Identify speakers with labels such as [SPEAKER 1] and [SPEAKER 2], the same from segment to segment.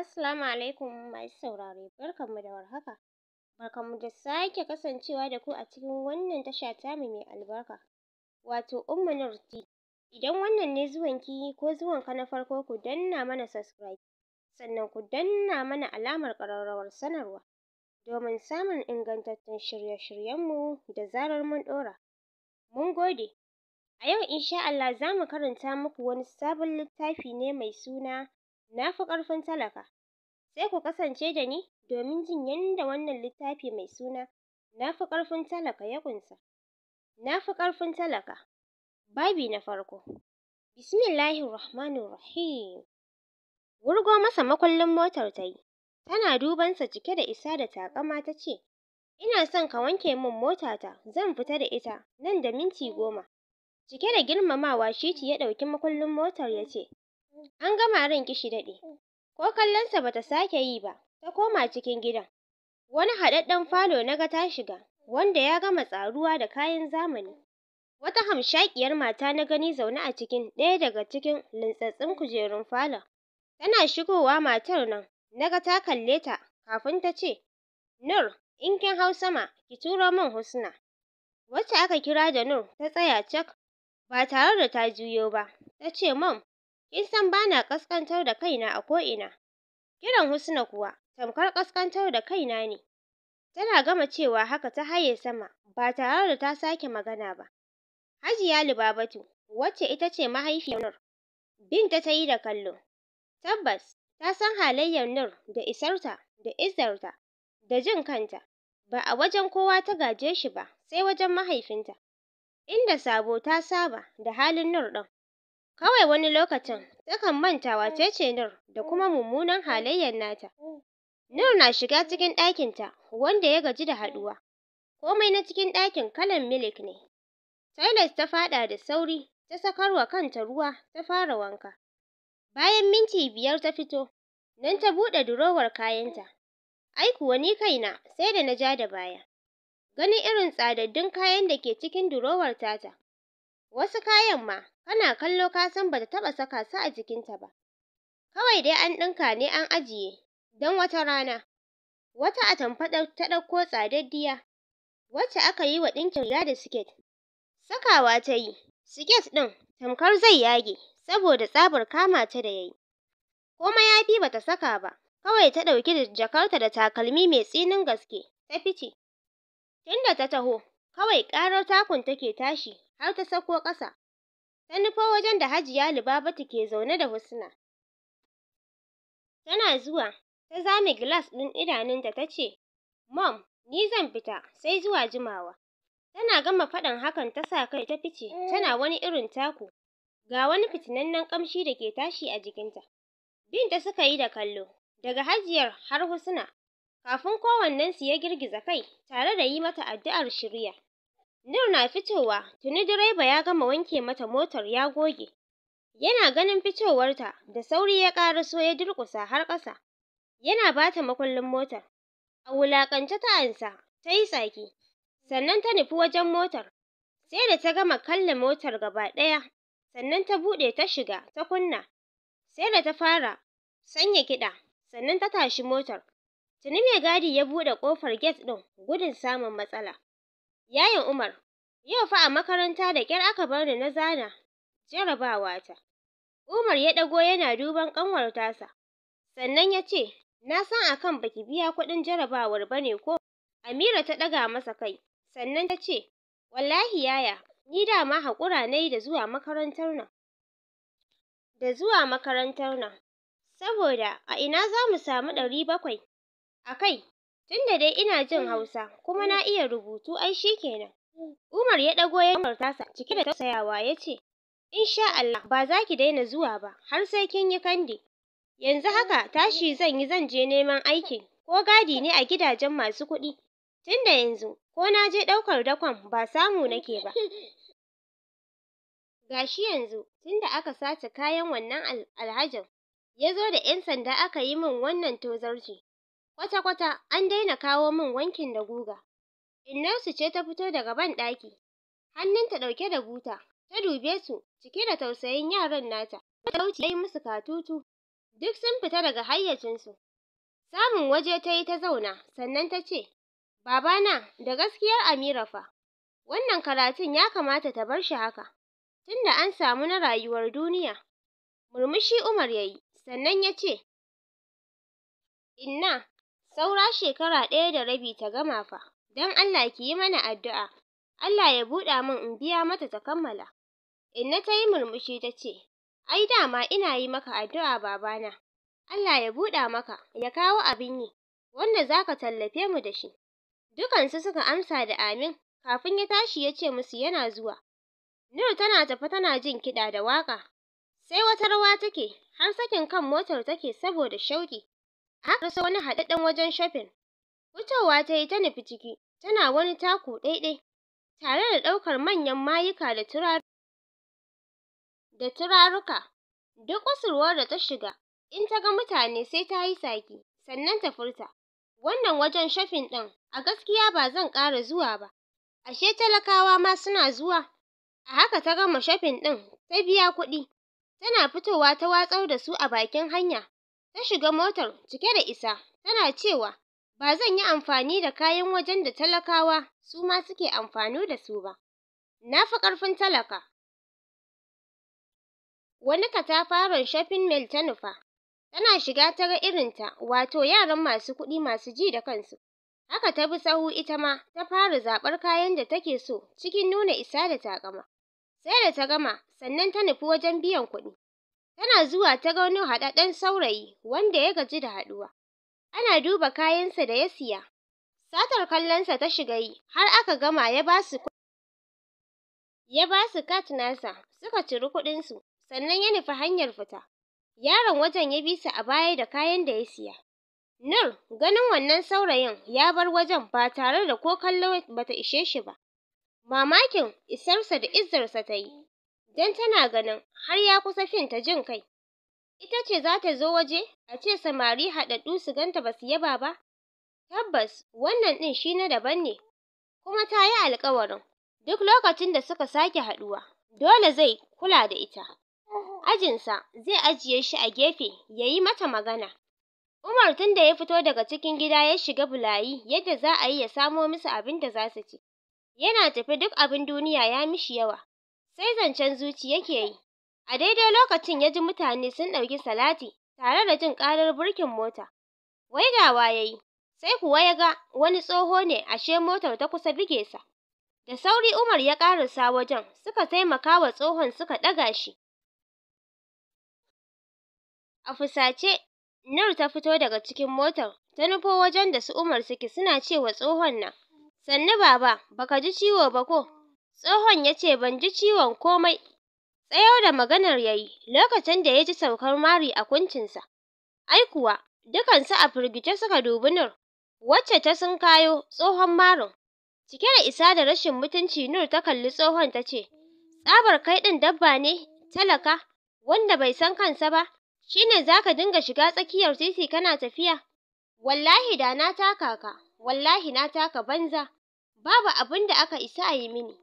[SPEAKER 1] Assalamu alaikum masu saurare, barkanmu da warhaka. Barkanmu da sake kasancewa da ku a cikin wannan tasha mu mai albarka, wato Umma Nur TV. Idan wannan ne zuwanki ko zuwanka na farko ku danna mana subscribe, sannan ku danna mana alamar ƙararrawar sanarwa domin samun ingantattun shirye-shiryenmu da zarar mun ɗora. Mun gode. A yau insha Allah za mu karanta muku wani sabon littafi ne mai suna na fi ƙarfin talaka sai ku kasance da ni domin jin yadda wannan littafi mai suna na fi ƙarfin talaka ya ƙunsa na fi ƙarfin talaka babi na farko bismillahir rahmanir rahim wurgo masa makullin motar ta yi tana dubansa cike da isa da takama ta ce ina son ka wanke min motata zan fita da ita nan da minti goma cike da girmamawa shiti ya ɗauki makullin motar ya ce An gama ran ki shi daɗe. Ko kallonsa bata sake yi ba, ta koma cikin gidan. Wani haɗaɗɗen falo na ga ta shiga, wanda ya gama tsaruwa da kayan zamani. Wata hamshakiyar mata na gani zaune a cikin ɗaya daga cikin lintsatsin kujerun falo Tana shigowa matar nan, na ga ta kalle ta kafin ta ce, Nur, in kin hau sama, ki turo min Husna. Wacce aka kira da Nur ta tsaya cak, ba tare da ta juyo ba, ta ce, Mom, kin san bana kaskantar da kaina a ko'ina kiran husna kuwa tamkar kaskantar da kaina ne tana gama cewa haka ta haye sama ba tare da ta sake magana ba hajiya libabatu wacce ita ce mahaifiyar nur binta ta yi da kallo tabbas ta san halayyar nur da isarta da izarta da jin kanta ba a wajen kowa ta gaje shi ba sai wajen mahaifinta inda sabo ta saba da halin nur ɗin Kawai wani lokacin takan manta mm. wace ce Nur da mm. kuma mummunan halayyar nata. Mm. Nur na shiga cikin ɗakin ta wanda ya gaji da haɗuwa, komai na cikin ɗakin kalan milik ne. Toilet ta faɗa da sauri, ta sakarwa kanta ruwa ta fara wanka. Bayan minti biyar ta fito, nan ta buɗe durowar kayanta. Ai kuwa ni kaina sai da na ja da baya, ganin irin tsadaddun kayan da ke cikin durowar tata. wasu kayan ma kana kallo ka san bata taɓa saka su a jikinta ba kawai dai an ɗinka ne an ajiye don wata rana wata atamfa ta ɗauko tsadaddiya wacce aka yi wa ɗinkin riga da siket sakawa ta yi siket ɗin tamkar zai yage saboda tsabar kama ta da yayi ko mayafi bata saka ba kawai ta ɗauki jakarta da takalmi mai tsinin gaske ta fice tunda ta taho Kawai ƙarar takun take tashi har ta sauko ƙasa. Ta nufo wajen da Hajiya Lubabatu ke zaune da Husna. Tana zuwa, ta zame gilas ɗin idanunta ta ce, Mom, ni zan fita sai zuwa jimawa. Tana gama faɗan hakan ta sa kai ta fice, tana wani irin taku. Ga wani fitinannen ƙamshi da ke tashi a jikinta. Binta suka yi da kallo, daga Hajiyar har Husna. kafin kowannensu ya girgiza kai tare da yi mata addu'ar shirya. Nur na fitowa tuni direba ya gama wanke mata motar ya goge. Yana ganin fitowarta da sauri ya ƙara so ya durƙusa har ƙasa. Yana ba ta makullin motar. A wulaƙance ta ansa ta yi tsaki sannan ta nufi wajen motar. Sai da ta gama kalle motar gaba ɗaya sannan ta buɗe ta shiga ta kunna. Sai da ta fara sanya kiɗa sannan ta tashi motar. Tuni mai gadi ya buɗe ƙofar get ɗin gudun samun matsala. Yayin Umar, yau fa a makaranta da ƙyar aka bar ni na zana jarabawa ta. Umar ya ɗago yana duban ƙanwar tasa. Sannan ya ce, na san akan baki biya kuɗin jarabawar ba ne ko? Amira ta ɗaga masa kai, sannan ta ce, wallahi yaya, ni dama haƙura na yi da zuwa makarantar nan. Da zuwa makarantar nan, saboda a ina za mu samu ɗari bakwai akai tunda dai ina jin mm. Hausa kuma na mm. iya rubutu ai shikenan Umar ya ɗago ya tasa cike da tausayawa yace insha Allah ba za ki daina zuwa ba har sai kin yi kandi yanzu haka tashi zan yi zan je neman aiki ko gadi ne a gidajen masu kuɗi tunda yanzu ko na je ɗaukar dakon ba samu nake ba gashi yanzu tunda aka sace kayan wannan alhajin ya zo da 'yan sanda aka yi min wannan tozarci Kwata-kwata an daina kawo min wankin da guga. su ce ta fito daga banɗaki, hannunta ɗauke da buta, ta dube su cike da tausayin yaran nata. Talauci ya yi musu katutu, duk sun fita daga hayyacinsu. Samun waje ta yi ta zauna, sannan ta ce, Babana, da gaskiyar Amira fa, wannan karatun ya kamata ta bar shi haka, tunda an samu na rayuwar duniya. Murmushi Umar ya yi, sannan ya ce, Inna, saura shekara ɗaya da rabi ta gama fa don Allah ki yi mana addu'a Allah ya buɗa min in biya mata ta kammala inna ta yi murmushi ta ce ai dama ina yi maka addu'a babana Allah ya buɗa maka ya kawo abin yi wanda zaka tallafe mu da shi dukansu suka amsa da amin kafin ya tashi ya ce musu yana zuwa Nur tana tafi tana jin kiɗa da waƙa sai wata rawa take har sakin kan motar take saboda shauƙi aka rasa wani haɗaɗɗen wajen shopping fitowa ta yi ta nufi ciki tana wani taku ɗaiɗai tare da ɗaukar manyan mayuka da turaru da turaruka duk kusurwar da ta shiga in ta ga mutane sai ta yi tsaki sannan ta furta wannan wajen shopping ɗin a gaskiya ba zan ƙara zuwa ba ashe talakawa ma suna zuwa a haka ta gama shopping ɗin ta biya kuɗi tana fitowa ta watsar da su a bakin hanya ta shiga motar cike da isa tana cewa ba zan yi amfani da kayan wajen da talakawa su ma suke amfani da su ba na fi ƙarfin talaka wani katafaren shopping mall ta nufa tana shiga ta ga ta wato yaran masu kuɗi masu ji da kansu haka ta bi sahu ita ma ta fara zaɓar kayan da take so cikin nuna isa da taƙama sai da ta gama sannan ta nufi wajen biyan kuɗi Tana zuwa ta ga wani haɗaɗɗen saurayi wanda ya gaji da haɗuwa. Ana duba kayansa da ya siya. Satar kallonsa ta shiga yi har aka gama ya ba su ya ba su kat nasa suka ciri kuɗinsu sannan ya nufi hanyar fita. Yaron wajen ya bi su a baya da kayan da ya siya. Nur ganin wannan saurayin ya bar wajen ba tare da ko kallo bata ishe shi ba. Mamakin isarsa da izarsa ta yi. don tana ganin har ya kusa ta jin kai ita ce za ta zo waje a ce samari haɗaɗɗu su ganta ba su yaba ba tabbas wannan ɗin shi na daban ne kuma ta yi alƙawarin duk lokacin da suka sake haɗuwa dole zai kula da ita ajinsa zai ajiye shi a gefe ya yi mata magana Umar tun da ya fito daga cikin gida ya shiga bulayi yadda za a yi ya samo musu abin da za su ci yana tafi duk abin duniya ya mishi yawa sai zancen zuci yake yi a daidai lokacin ya ji mutane sun ɗauki salati tare da jin ƙarar burkin mota wai ga ya yi sai kuwa ya ga wani tsoho ne ashe motar ta kusa bige sa da sauri Umar ya ƙarasa wajen suka taimaka wa tsohon suka ɗaga shi a fusace Nur ta fito daga cikin motar ta nufo wajen da su Umar suke suna cewa tsohon nan sannu baba baka ji ciwo ba ko Tsohon ya ce ban ji ciwon komai, Tsayo da maganar ya yi lokacin da ya ji saukar mari a kuncinsa, ai kuwa dukansu a firgice suka dubi Nur, wacce ta sun kayo, tsohon marin. Cike da isa da rashin mutunci Nur ta kalli tsohon ta ce, tsabar kai ɗin dabba ne, talaka, wanda bai san kansa ba, shi ne za ka dinga shiga tsakiyar titi kana tafiya? Wallahi da na taka ka, wallahi na taka banza, babu abin da aka isa a yi mini.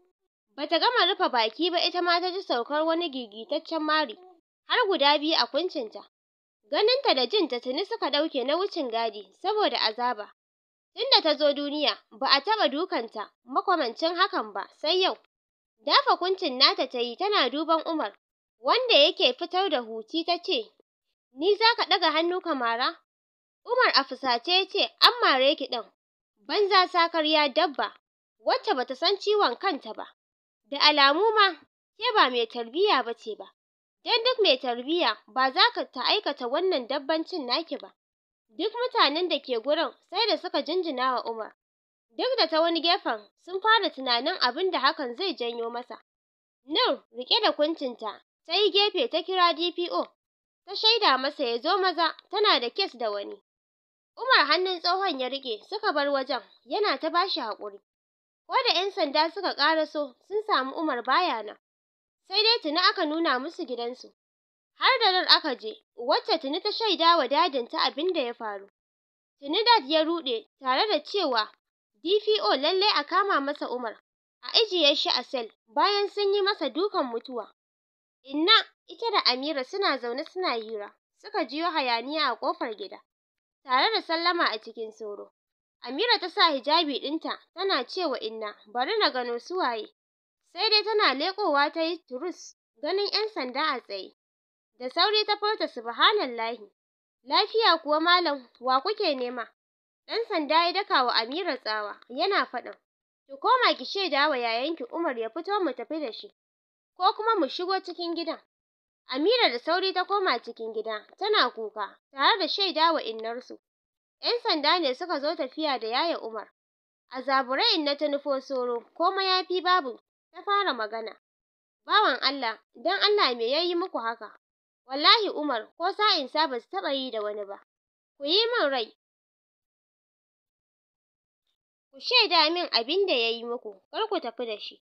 [SPEAKER 1] Bata gama rufe baki ba ita ma ta ji saukar wani gigitaccen mari har guda biyu a kuncinta. Ganinta da jinta tuni suka ɗauke na wucin gadi saboda azaba. Tunda ta zo duniya ba a taɓa dukanta makwamancin hakan ba sai yau. Dafa kuncin nata ta yi tana duban Umar wanda yake fitar da huci ta ce, Ni za ka ɗaga hannu ka mara? Umar a fusace ya ce, An mare ki ɗin, banza sakarya dabba, wacce bata san ciwon kanta ba. da alamu ma ke ba mai tarbiyya ba ce ba don duk mai tarbiyya ba zaka ta aikata wannan dabbancin naki ba duk mutanen da ke gurin sai da suka jinjina wa Umar duk da ta wani gefen sun fara tunanin abin da hakan zai janyo masa Nur riƙe da kuncinta ta yi gefe ta kira DPO ta shaida masa ya zo maza tana da kes da wani Umar hannun tsohon ya rike suka bar wajen yana ta bashi haƙuri ko da 'yan sanda suka ƙaraso sun samu Umar baya nan sai dai tuni aka nuna musu gidansu har da nan aka je wacce tuni ta shaida wa dadinta abin da ya faru tuni dad ya ruɗe tare da cewa DPO lallai a kama masa Umar a ajiye shi a sel bayan sun yi masa dukan mutuwa Inna ita da Amira suna zaune suna hira suka jiyo hayaniya a ƙofar gida tare da sallama a cikin soro Amira ta sa hijabi ɗinta tana cewa Inna bari na gano su waye sai dai tana leƙowa ta yi turus ganin 'yan sanda a tsaye da sauri ta furta subhanallahi lafiya kuwa malam wa kuke nema ɗan sanda ya daka wa Amira tsawa yana faɗin ki koma ki shaida wa yayanki Umar ya fito mu tafi da shi ko kuma mu shigo cikin gida? Amira da sauri ta koma cikin gida tana kuka tare da shaida wa innarsu 'Yan sanda ne suka zo tafiya da Yaya Umar. A zabure na ta nufo Soro, ko mayafi babu, ta fara magana. Bawan Allah, don Allah me ya yi muku haka? Wallahi Umar, ko sa ba su taɓa yi da wani ba. Ku yi min rai. Ku shaida min abin da ya yi muku, kar ku tafi da shi.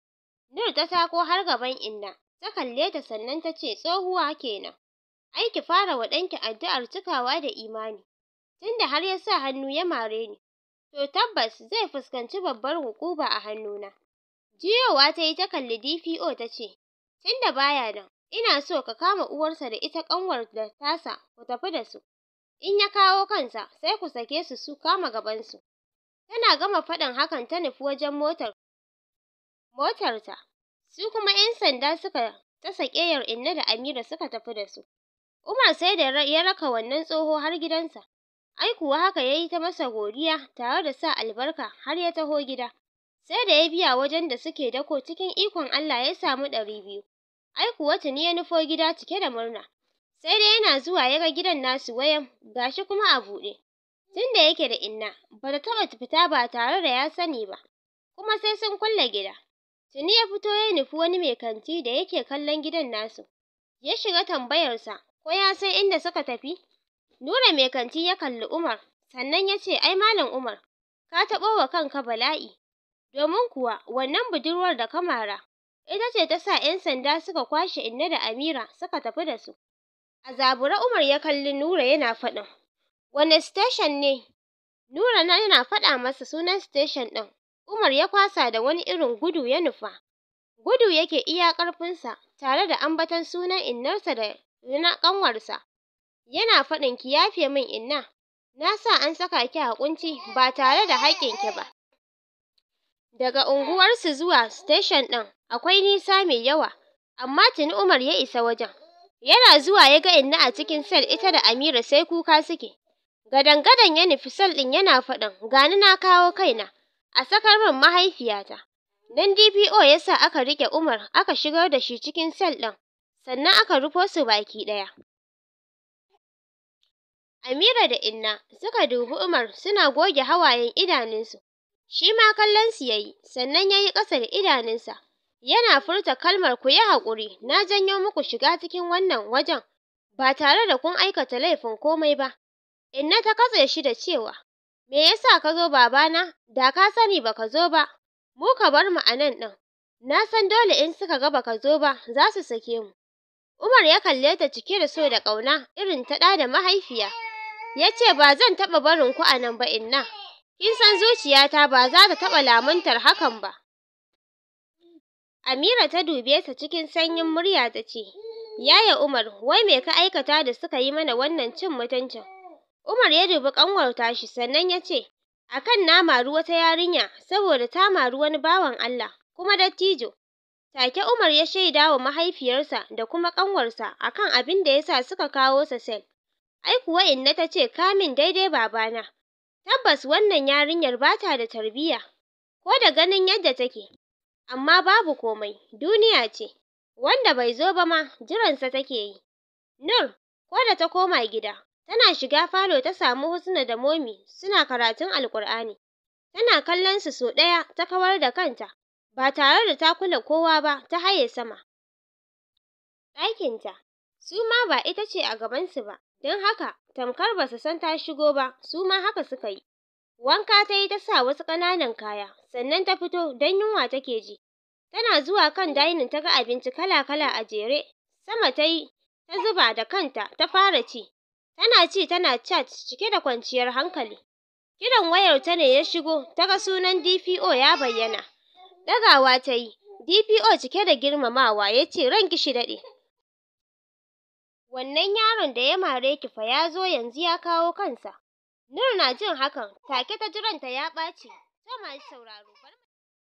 [SPEAKER 1] Nur ta tako har gaban Inna, ta kalle ta sannan ta ce tsohuwa kenan. Ai ki fara wa ɗanki addu'ar cikawa da imani. tunda har ya sa hannu ya mare ni to tabbas zai fuskanci babbar hukuma a hannuna jiyowa ta yi ta kalli DPO ta ce tunda baya nan ina so ka kama uwarsa da ita kanwar da tasa ku tafi da su in ya kawo kansa sai ku sake su su kama gabansu tana gama faɗin hakan ta nufi wajen motar motarta su kuma 'yan sanda suka ta sakeyar inna da amira suka tafi da su umar sai da ya raka wannan tsoho har gidansa ai kuwa haka yi ta masa godiya tare da sa albarka har ya taho gida sai da ya biya wajen da suke dako cikin ikon Allah ya samu ɗari biyu ai kuwa tuni ya nufo gida cike da murna sai dai yana zuwa ya ga gidan nasu wayan gashi kuma a buɗe tunda yake da inna bata taɓa fita ba tare da ya sani ba kuma sai sun kulle gida tuni ya fito ya nufi wani mai kanti da yake kallon gidan nasu ya shiga tambayarsa ko ya san inda suka tafi Nura mai kanti ya kalli Umar sannan ya ce ai Malam Umar ka taɓo wa kanka bala'i domin kuwa wannan budurwar da kamara. ita ce ta sa 'yan sanda suka kwashe Inna da Amira suka tafi da su. A zabura Umar ya kalli Nura yana faɗin wane station ne? Nura na yana faɗa masa sunan station ɗin. Umar ya kwasa da wani irin gudu ya nufa. Gudu yake iya ƙarfinsa tare da ambaton sunan innarsa da na ƙanwarsa. yana faɗin ki yafe min inna na sa an saka ki a kunci ba tare da haƙƙin ki ba daga unguwarsu zuwa station ɗin akwai nisa mai yawa amma tuni Umar ya isa wajen yana zuwa ya ga inna a cikin sel ita da Amira sai kuka suke gadangadan ya nufi cell ɗin yana faɗin gani na kawo kaina a sakar min mahaifiyata dan DPO yasa aka rike Umar aka shigar da shi cikin sel ɗin sannan aka rufo su baki ɗaya Amira da Inna suka dubi Umar suna goge hawayen idanunsu. Shi ma kallon su yayi, sannan yayi ƙasa da idanunsa. Yana furta kalmar ku yi haƙuri, na janyo muku shiga cikin wannan wajen ba tare da kun aikata laifin komai ba. Inna ta katse shi da cewa, "Me yasa ka zo babana? Da ka sani ba ka zo ba. Mu ka bar mu a nan ɗin. Na san dole in suka ga ka zo ba, za su sake mu." Umar ya kalle ta cike da so da ƙauna irin ta ɗa da mahaifiya. yace ba zan taɓa barin ku nan ba inna kin san zuciyata ba za ta taɓa lamuntar hakan ba Amira ta dube ta cikin sanyin murya ta ce Yaya Umar wai me ka aikata da suka yi mana wannan cin mutuncin Umar ya dubi kanwar tashi sannan ya ce akan na maru wata yarinya saboda ta maru wani bawan Allah kuma dattijo take Umar ya shaidawa mahaifiyarsa da kuma kanwarsa akan abin da yasa suka kawo sa sel Ai kuwa inna ta ce ka min daidai babana. Tabbas wannan yarinyar bata da tarbiyya, ko da ganin yadda take. Amma babu komai, duniya ce. Wanda bai zo ba ma jiransa take yi. Nur, ko da ta koma gida, tana shiga falo ta samu Husna da Momi suna karatun Alƙur'ani. Tana kallon su so ɗaya ta kawar da kanta, ba tare da ta kula kowa ba ta haye sama. ɗakinta, su ma ba ita ce a gabansu ba. don haka tamkar ba su san ta shigo ba su ma haka suka yi wanka ta yi ta sa wasu ƙananan kaya sannan ta fito don yunwa take ji tana zuwa kan dainin ta ga abinci kala-kala a jere sama ta yi ta zuba da kanta ta fara ci tana ci tana chat cike da kwanciyar hankali kiran wayar ta ne ya shigo ta ga sunan DPO ya bayyana dagawa ta yi DPO cike da girmamawa ya ce ranki shi daɗe wannan yaron da ya mare ki fa ya zo yanzu ya kawo kansa Nur na jin hakan take ta jiranta ta ya ɓaci to masu sauraro